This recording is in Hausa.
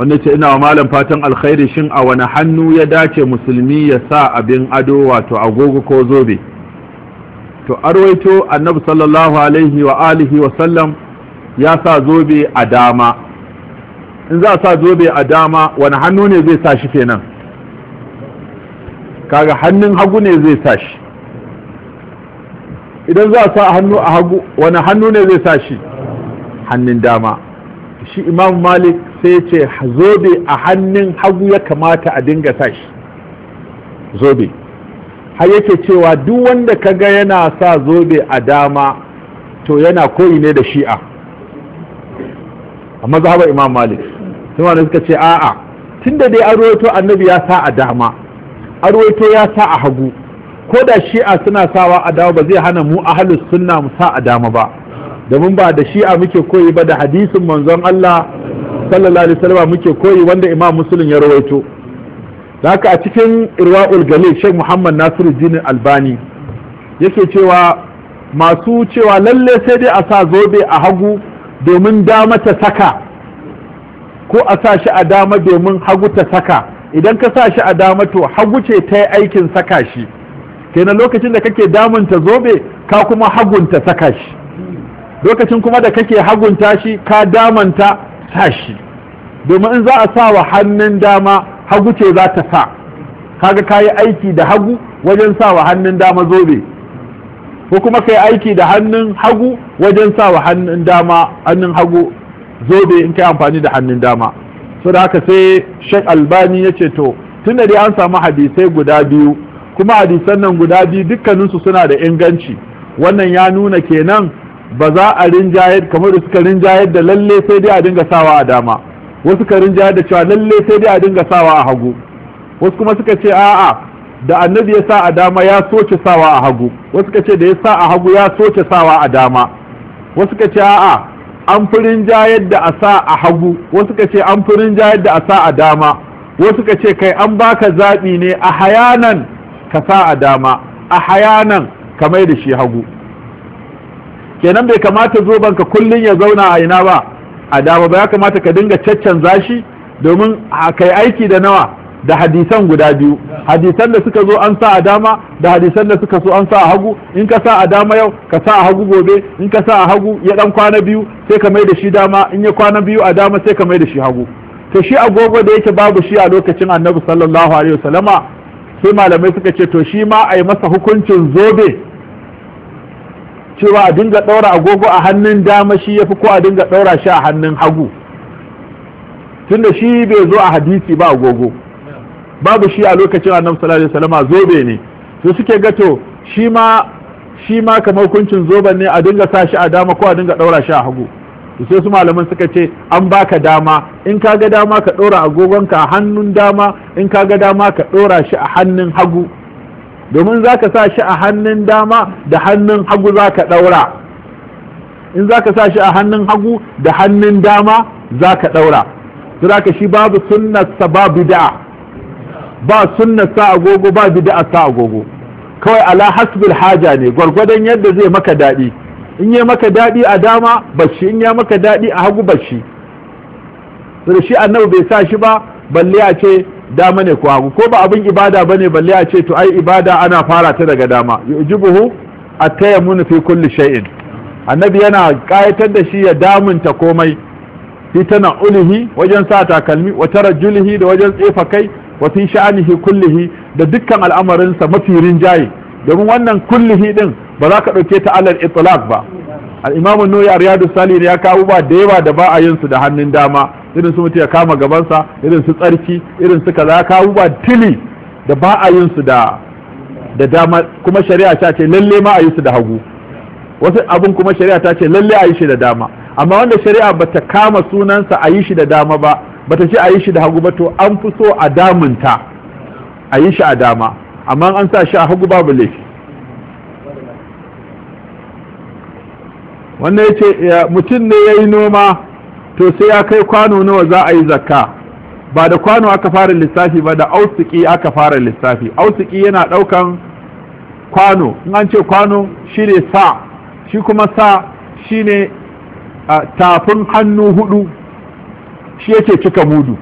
wanda ce ina wa malam fatan alkhairi shin a wani hannu ya dace musulmi ya sa abin ado wato agogo ko zobe to arwaito annabi sallallahu alaihi wa alihi wa sallam ya sa zobe a dama in za a sa zobe a dama wani hannu ne zai sa shi kenan kaga hannun hagu ne zai sa shi idan za a sa hannu a hagu wani hannu ne zai sa shi hannun dama shi imam malik sai ce zobe a hannun hagu ya kamata a dinga tashi zobe har yake cewa duk wanda ka ga yana sa zobe a dama to yana koyi ne da shi'a a mazhabar imam malik sai wani suka ce a'a tunda dai arwato annabi ya sa a dama arwato ya sa a hagu ko da shi'a suna sawa a dama ba zai hana mu ahlus sunna mu sa a dama ba domin ba da shi'a muke koyi ba da hadisin manzon Allah sallallahu alaihi wasallam muke koyi wanda imam muslim ya rawaito haka a cikin irwa'ul gale sheikh muhammad nasiruddin albani yake cewa masu cewa lalle sai dai a sa zobe a hagu domin dama ta saka ko a sa shi a dama domin hagu ta saka idan ka sa shi a dama to hagu ce ta yi aikin saka shi kenan lokacin da kake damunta zobe ka kuma hagunta saka shi lokacin kuma da kake hagunta shi ka damanta sa shi domin in za a sa wa hannun dama hagu ce za ta sa kaga ka yi aiki da hagu wajen sa wa hannun dama zobe ko kuma ka yi aiki da hannun hagu wajen sa wa hannun dama hannun hagu zobe in ka amfani da hannun dama so da haka sai shek albani ya ce to tun da dai an samu hadisai guda biyu kuma hadisan nan guda biyu dukkaninsu suna da inganci wannan ya nuna kenan ba za a rinjayar kamar da suka rinjayar da lalle sai dai a dinga sawa a dama wasu ka rinjayar da cewa lalle sai dai a dinga sawa a hagu wasu kuma suka ce a'a da annabi ya sa a dama ya soke sawa a hagu wasu suka ce da ya sa a hagu ya soke sawa a dama wasu suka ce a'a an fi rinjayar da a sa a hagu wasu suka ce an fi rinjayar da a sa a dama wasu suka ce kai an baka zaɓi ne a hayanan ka sa a dama a hayanan ka mai da shi hagu kenan bai kamata zoben ka kullun ya zauna a ina ba a dama ba ya kamata ka dinga caccan zashi domin kai aiki da nawa da hadisan guda biyu hadisan da suka zo an sa a dama da hadisan da suka so an sa a hagu in ka sa a dama yau ka sa a hagu gobe in ka sa a hagu ya dan kwana biyu sai ka mai da shi dama in ya kwana biyu a dama sai ka mai da shi hagu to shi agogo da yake babu shi a lokacin annabi sallallahu alaihi wasallama sai malamai suka ce to shi ma a yi masa hukuncin zobe cewa a dinga ɗaura agogo a hannun dama shi ya fi ko a dinga ɗaura shi a hannun hagu tunda shi bai zo a hadisi ba agogo babu shi a lokacin annabi sallallahu alaihi zobe ne su suke gato shi ma shi ma kamar hukuncin zoben ne a dinga sa shi a dama ko a dinga ɗaura shi a hagu sai su malaman suka ce an baka dama in kaga dama ka ɗora agogonka a hannun dama in kaga dama ka ɗora shi a hannun hagu domin za ka sa shi a hannun dama da hannun hagu za ka ɗaura in za ka sa shi a hannun hagu da hannun dama za ka ɗaura za ka shi babu sunnarsa ba bida'a ba sunnarsa agogo ba bida'a sa agogo kawai ala hasbil haja ne gwargwadon yadda zai maka daɗi in yi maka daɗi a dama bashi in ya maka daɗi a hagu bashi da shi annabi bai sa shi ba balle a ce dama ne ko hagu ko ba abin ibada bane balle a ce to ai ibada ana fara ta daga dama yujibuhu at-tayammunu fi kulli shay'in annabi yana kayatar da shi ya damun ta komai fi ulihi wajen sa takalmi wa tarajjulihi da wajen tsefa kai wa fi sha'anihi kullihi da dukkan al'amarin sa mafi rinjaye domin wannan kullihi din ba za ka dauke ta alal itlaq ba al-imamu an-nawawi riyadu salih ya kawo ba da yawa da ba a yin su da hannun dama irin su mutum ya kama gabansa irin su tsarki irin su kaza kawo ba tili da ba a yin su da dama kuma shari'a ta ce lalle ma a yi su da hagu wasu abin kuma shari'a ta ce lalle a yi shi da dama amma wanda shari'a bata kama sunansa a yi shi da dama ba bata ce a yi shi da hagu ba to an fi so a damunta a yi shi a dama amma an sa shi a hagu babu laifi wannan ya ce mutum ne ya yi noma to sai ya kai kwano nawa za a yi zakka ba da kwano aka fara lissafi ba da ausiki aka fara lissafi ausiki yana daukan kwano in an ce kwano shine sa shi kuma sa shine tafin hannu hudu shi yake cika mudu